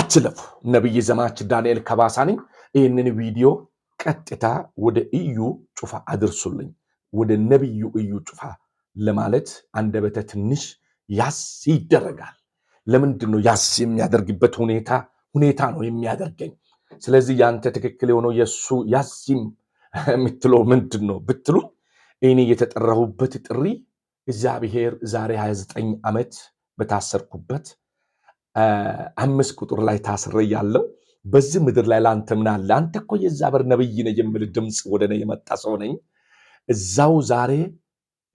አትለፉ። ነብይ ዘማች ዳንኤል ከባሳ ነኝ። ይህንን ቪዲዮ ቀጥታ ወደ እዩ ጩፋ አድርሱልኝ። ወደ ነብዩ እዩ ጩፋ ለማለት አንደበተ ትንሽ ያስ ይደረጋል። ለምንድን ነው ያስ የሚያደርግበት ሁኔታ ሁኔታ ነው የሚያደርገኝ። ስለዚህ ያንተ ትክክል የሆነው የእሱ ያሲም የምትለው ምንድን ነው ብትሉ እኔ የተጠራሁበት ጥሪ እግዚአብሔር ዛሬ 29 ዓመት በታሰርኩበት አምስት ቁጥር ላይ ታስረ ያለው በዚህ ምድር ላይ ለአንተ ምን አለ? አንተ እኮ የእግዚአብሔር ነብይ ነህ የምል ድምፅ ወደ እኔ የመጣ ሰው ነኝ። እዛው ዛሬ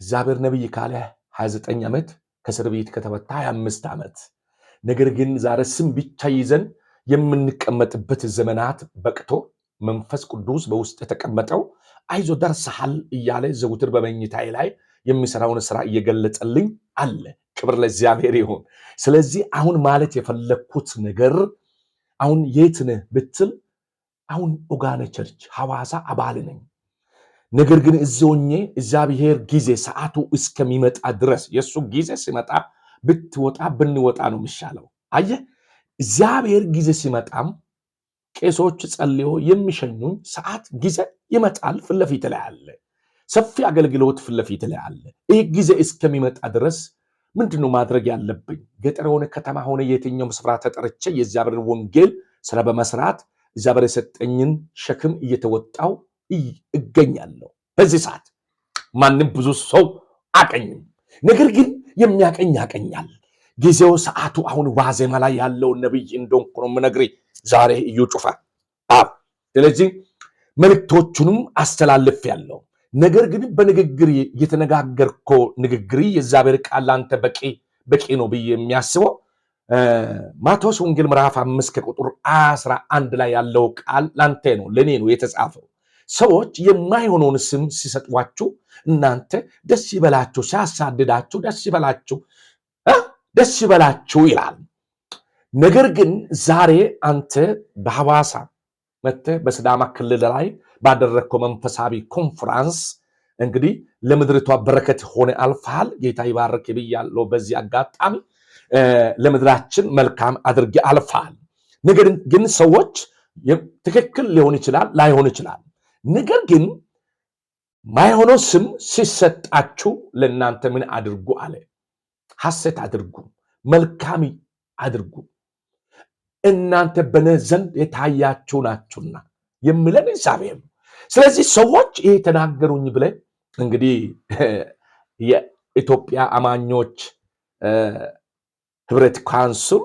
እግዚአብሔር ነብይ ካለ 29 ዓመት ከእስር ቤት ከተፈታ 25 ዓመት ነገር ግን ዛሬ ስም ብቻ ይዘን የምንቀመጥበት ዘመናት በቅቶ መንፈስ ቅዱስ በውስጥ የተቀመጠው አይዞ ደርሰሃል እያለ ዘውትር በመኝታዬ ላይ የሚሰራውን ስራ እየገለጸልኝ አለ። ክብር ለእግዚአብሔር ይሁን። ስለዚህ አሁን ማለት የፈለግኩት ነገር አሁን የት ነህ ብትል አሁን ኦጋነ ቸርች ሐዋሳ አባል ነኝ። ነገር ግን እዞኜ እግዚአብሔር ጊዜ ሰዓቱ እስከሚመጣ ድረስ የእሱ ጊዜ ሲመጣ ብትወጣ ብንወጣ ነው የሚሻለው። አየህ እግዚአብሔር ጊዜ ሲመጣም ቄሶች ጸልዮ የሚሸኙኝ ሰዓት ጊዜ ይመጣል። ፊት ለፊት ላይ አለ ሰፊ አገልግሎት ፊት ለፊት ላይ አለ። ይህ ጊዜ እስከሚመጣ ድረስ ምንድን ነው ማድረግ ያለብኝ? ገጠር ሆነ ከተማ ሆነ የትኛውም ስፍራ ተጠርቼ የእግዚአብሔርን ወንጌል ስራ በመስራት እግዚአብሔር የሰጠኝን ሸክም እየተወጣው እገኛለሁ። በዚህ ሰዓት ማንም ብዙ ሰው አቀኝም፣ ነገር ግን የሚያቀኝ ያቀኛል። ጊዜው ሰዓቱ አሁን ዋዜማ ላይ ያለው ነቢይ እንደሆንኩ ነው የምነግርህ ዛሬ እዩ ጩፋ። ስለዚህ መልእክቶቹንም አስተላልፍ ያለው ነገር ግን በንግግር የተነጋገርከው ንግግር የእግዚአብሔር ቃል አንተ በቂ በቂ ነው ብዬ የሚያስበው ማቴዎስ ወንጌል ምዕራፍ አምስት ከቁጥር አስራ አንድ ላይ ያለው ቃል ላንተ ነው ለእኔ ነው የተጻፈው። ሰዎች የማይሆነውን ስም ሲሰጧችሁ እናንተ ደስ ይበላችሁ፣ ሲያሳድዳችሁ ደስ ይበላችሁ ደስ ይበላችሁ ይላል። ነገር ግን ዛሬ አንተ በሐዋሳ መጥተህ በስዳማ ክልል ላይ ባደረግከው መንፈሳዊ ኮንፍራንስ እንግዲህ ለምድሪቷ በረከት ሆነ አልፈሃል። ጌታ ይባርክ ብያለሁ። በዚህ አጋጣሚ ለምድራችን መልካም አድርጌ አልፈሃል። ነገር ግን ሰዎች ትክክል ሊሆን ይችላል፣ ላይሆን ይችላል። ነገር ግን ማይሆነው ስም ሲሰጣችሁ ለእናንተ ምን አድርጉ አለ? ሐሰት አድርጉ፣ መልካም አድርጉ። እናንተ በነህ ዘንድ የታያችሁ ናችሁና የምለን እግዚአብሔር ነው። ስለዚህ ሰዎች ይሄ ተናገሩኝ ብለን እንግዲህ የኢትዮጵያ አማኞች ህብረት ካንስል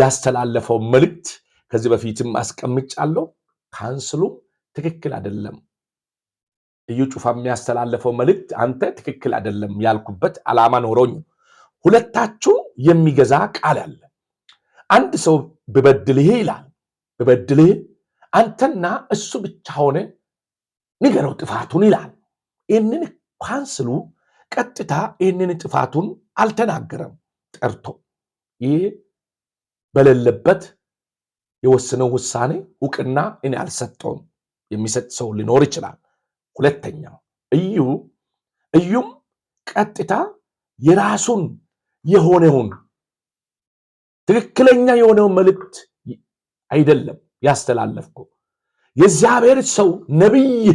ያስተላለፈው መልእክት ከዚህ በፊትም አስቀምጫለሁ። ካንስሉ ትክክል አይደለም፣ እዩ ጩፋ የሚያስተላለፈው መልእክት አንተ ትክክል አይደለም ያልኩበት አላማ ኖሮኝ ሁለታችሁ የሚገዛ ቃል አለ። አንድ ሰው ብበድልህ ይላል ብበድልህ አንተና እሱ ብቻ ሆነ ንገረው ጥፋቱን ይላል። ይህንን ካንስሉ ቀጥታ ይህንን ጥፋቱን አልተናገረም ጠርቶ ይህ በሌለበት የወሰነው ውሳኔ እውቅና እኔ አልሰጠውም። የሚሰጥ ሰው ሊኖር ይችላል። ሁለተኛው እዩ እዩም ቀጥታ የራሱን የሆነውን ትክክለኛ የሆነው መልእክት አይደለም ያስተላለፍኩ የእግዚአብሔር ሰው ነቢይ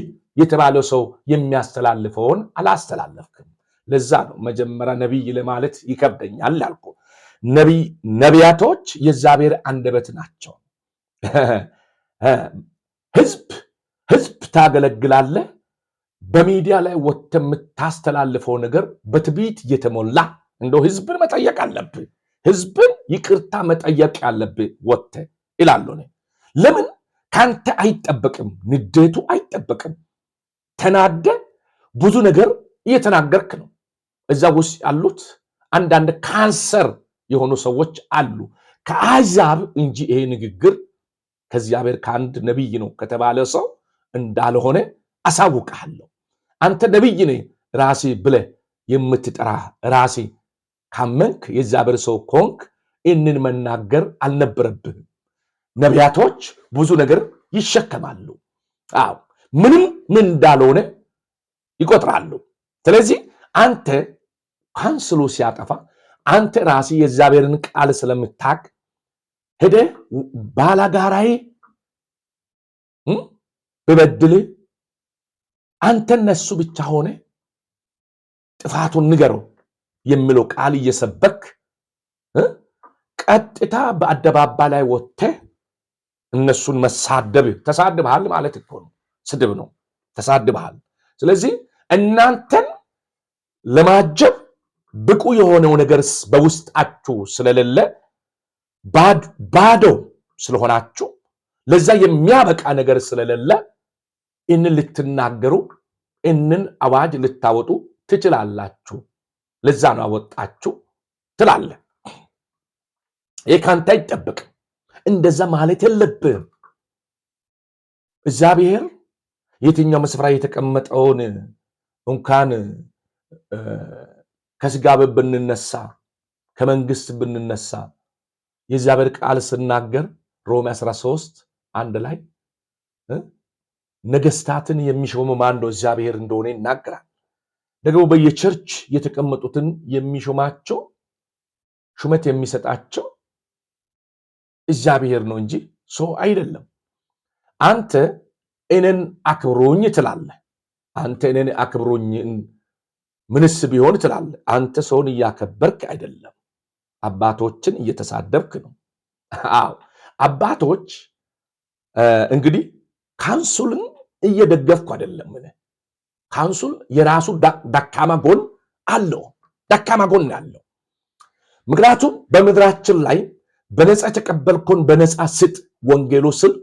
የተባለው ሰው የሚያስተላልፈውን አላስተላለፍክም። ለዛ ነው መጀመሪያ ነቢይ ለማለት ይከብደኛል አልኩ። ነቢያቶች የእግዚአብሔር አንደበት ናቸው። ህዝብ ህዝብ ታገለግላለህ። በሚዲያ ላይ ወጥተ የምታስተላልፈው ነገር በትቢት እየተሞላ እንደው ህዝብን መጠየቅ አለብህ። ህዝብን ይቅርታ መጠየቅ ያለብህ ወጥተህ እላለሁ። ለምን ካንተ አይጠበቅም፣ ንዴቱ አይጠበቅም። ተናደ ብዙ ነገር እየተናገርክ ነው። እዛ ውስጥ ያሉት አንዳንድ ካንሰር የሆኑ ሰዎች አሉ ከአሕዛብ እንጂ ይሄ ንግግር ከእግዚአብሔር ከአንድ ነቢይ ነው ከተባለ ሰው እንዳልሆነ አሳውቅሃለሁ። አንተ ነቢይ ነ ራሴ ብለህ የምትጠራ ራሴ ካመንክ የእግዚአብሔር ሰው ከሆንክ ይህንን መናገር አልነበረብህም። ነቢያቶች ብዙ ነገር ይሸከማሉ። አዎ ምንም ምን እንዳልሆነ ይቆጥራሉ። ስለዚህ አንተ ካንስሉ ሲያጠፋ አንተ ራስህ የእግዚአብሔርን ቃል ስለምታቅ ሄደ ባላጋራዬ ብበድል አንተ እነሱ ብቻ ሆነ ጥፋቱን ንገረው የሚለው ቃል እየሰበክ ቀጥታ በአደባባይ ላይ ወጥተህ እነሱን መሳደብ ተሳድበሃል ማለት እኮ ነው። ስድብ ነው፣ ተሳድበሃል። ስለዚህ እናንተን ለማጀብ ብቁ የሆነው ነገር በውስጣችሁ ስለሌለ ባዶ ስለሆናችሁ ለዛ የሚያበቃ ነገር ስለሌለ ይህንን ልትናገሩ ይህንን አዋጅ ልታወጡ ትችላላችሁ። ለዛ ነው አወጣችሁ ትላለ ይህ ካንተ አይጠበቅ። እንደዛ ማለት የለብህም። እግዚአብሔር የትኛውም ስፍራ የተቀመጠውን እንኳን ከስጋብ ብንነሳ ከመንግስት ብንነሳ የእግዚአብሔር ቃል ስናገር ሮሜ 13 አንድ ላይ ነገስታትን የሚሾመው ማን ነው? እግዚአብሔር እንደሆነ ይናገራል። ደግሞ በየቸርች የተቀመጡትን የሚሾማቸው ሹመት የሚሰጣቸው እግዚአብሔር ነው እንጂ ሰው አይደለም። አንተ እኔን አክብሮኝ ትላለህ። አንተ እኔን አክብሮኝ ምንስ ቢሆን ትላለህ። አንተ ሰውን እያከበርክ አይደለም፣ አባቶችን እየተሳደብክ ነው። አዎ አባቶች እንግዲህ ካንሱልን እየደገፍኩ አይደለም። ካንሱል የራሱ ደካማ ጎን አለው፣ ደካማ ጎን አለው። ምክንያቱም በምድራችን ላይ በነፃ የተቀበልከውን በነፃ ስጥ። ወንጌሉ ስል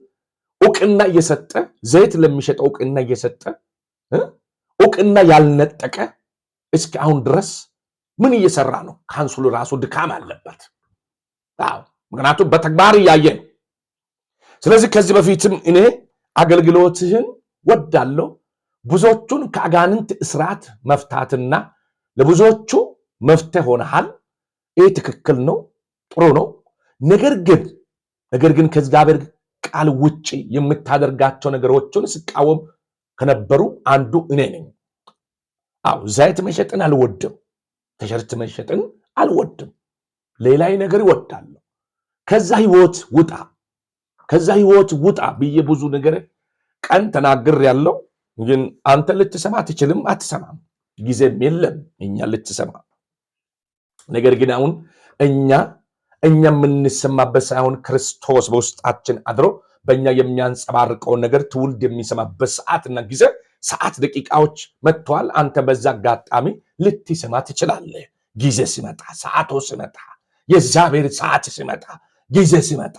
እውቅና እየሰጠ ዘይት ለሚሸጠ እውቅና እየሰጠ እውቅና ያልነጠቀ እስከ አሁን ድረስ ምን እየሰራ ነው? ካንስሉ ራሱ ድካም አለበት። አዎ ምክንያቱም በተግባር እያየ ነው። ስለዚህ ከዚህ በፊትም እኔ አገልግሎትህን ወዳለሁ ብዙዎቹን ከአጋንንት እስራት መፍታትና ለብዙዎቹ መፍትሄ ሆነሃል። ይህ ትክክል ነው፣ ጥሩ ነው። ነገር ግን ነገር ግን ከእግዚአብሔር ቃል ውጭ የምታደርጋቸው ነገሮችን ስቃወም ከነበሩ አንዱ እኔ ነኝ። አዎ ዘይት መሸጥን አልወድም፣ ተሸርት መሸጥን አልወድም። ሌላይ ነገር ይወዳለሁ። ከዛ ህይወት ውጣ፣ ከዛ ህይወት ውጣ ብዬ ብዙ ነገር ቀን ተናግር ያለው ግን አንተ ልትሰማ አትችልም፣ አትሰማም። ጊዜም የለም እኛ ልትሰማ ነገር ግን አሁን እኛ እኛ የምንሰማበት ሳይሆን ክርስቶስ በውስጣችን አድሮ በእኛ የሚያንጸባርቀውን ነገር ትውልድ የሚሰማበት እና ጊዜ ሰዓት ደቂቃዎች መጥተዋል። አንተ በዛ አጋጣሚ ልትሰማ ትችላለህ። ጊዜ ሲመጣ፣ ሰዓቶ ሲመጣ፣ የእግዚአብሔር ሰዓት ሲመጣ፣ ጊዜ ሲመጣ።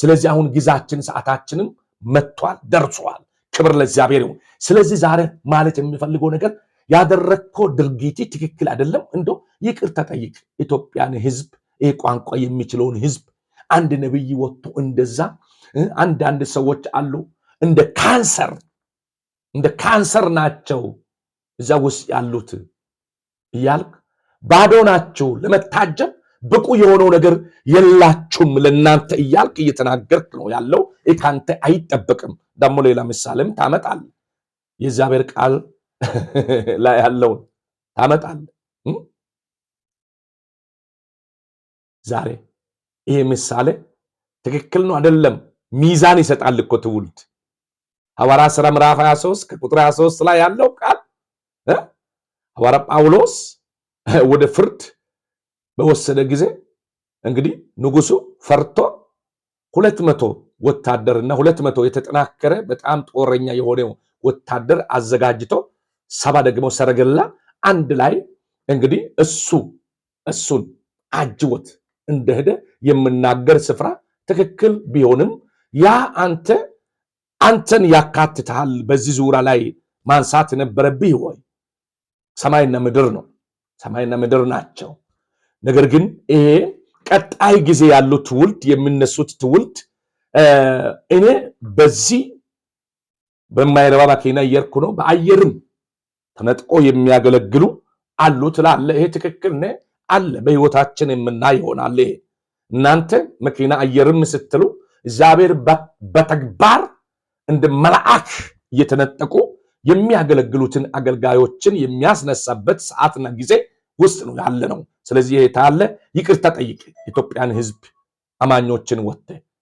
ስለዚህ አሁን ጊዜያችን ሰዓታችንም መጥቷል፣ ደርሷል። ክብር ለእግዚአብሔር ይሁን። ስለዚህ ዛሬ ማለት የሚፈልገው ነገር ያደረግከው ድርጊት ትክክል አይደለም፣ እንዶ ይቅር ተጠይቅ። ኢትዮጵያን ህዝብ ይህ ቋንቋ የሚችለውን ህዝብ አንድ ነቢይ ወጥቶ እንደዛ አንዳንድ ሰዎች አሉ እንደ ካንሰር እንደ ካንሰር ናቸው እዛ ውስጥ ያሉት እያልክ ባዶ ናቸው ለመታጀብ ብቁ የሆነው ነገር የላችሁም ለእናንተ እያልክ እየተናገርክ ነው ያለው። ይህ አይጠበቅም። ደግሞ ሌላ ምሳሌም ታመጣል። የእግዚአብሔር ቃል ላይ ያለውን ታመጣል። ዛሬ ይሄ ምሳሌ ትክክል ነው አይደለም? ሚዛን ይሰጣል እኮ ትውልድ። ሐዋራ ሥራ ምዕራፍ 23 ከቁጥር 23 ላይ ያለው ቃል ሐዋራ ጳውሎስ ወደ ፍርድ በወሰደ ጊዜ እንግዲህ ንጉሱ ፈርቶ ሁለት መቶ ወታደርና ሁለት መቶ የተጠናከረ በጣም ጦረኛ የሆነ ወታደር አዘጋጅቶ ሰባ ደግሞ ሰረገላ አንድ ላይ እንግዲህ እሱ እሱን አጅቦት እንደሄደ የምናገር ስፍራ ትክክል ቢሆንም ያ አንተ አንተን ያካትታል። በዚህ ዙራ ላይ ማንሳት ነበረብህ ወይ ሰማይና ምድር ነው፣ ሰማይና ምድር ናቸው። ነገር ግን ይሄ ቀጣይ ጊዜ ያሉ ትውልድ የሚነሱት ትውልድ እኔ በዚህ በማይረባ መኪና እየርኩ ነው፣ በአየርም ተነጥቆ የሚያገለግሉ አሉ ትላለህ። ይሄ ትክክል አለ። በህይወታችን የምናይ ይሆናል። እናንተ መኪና አየርም ስትሉ እግዚአብሔር በተግባር እንደ መልአክ እየተነጠቁ የሚያገለግሉትን አገልጋዮችን የሚያስነሳበት ሰዓትና ጊዜ ውስጥ ነው ያለ ነው። ስለዚህ ታለ ይቅርታ ጠይቅ ኢትዮጵያን ህዝብ አማኞችን ወጥተ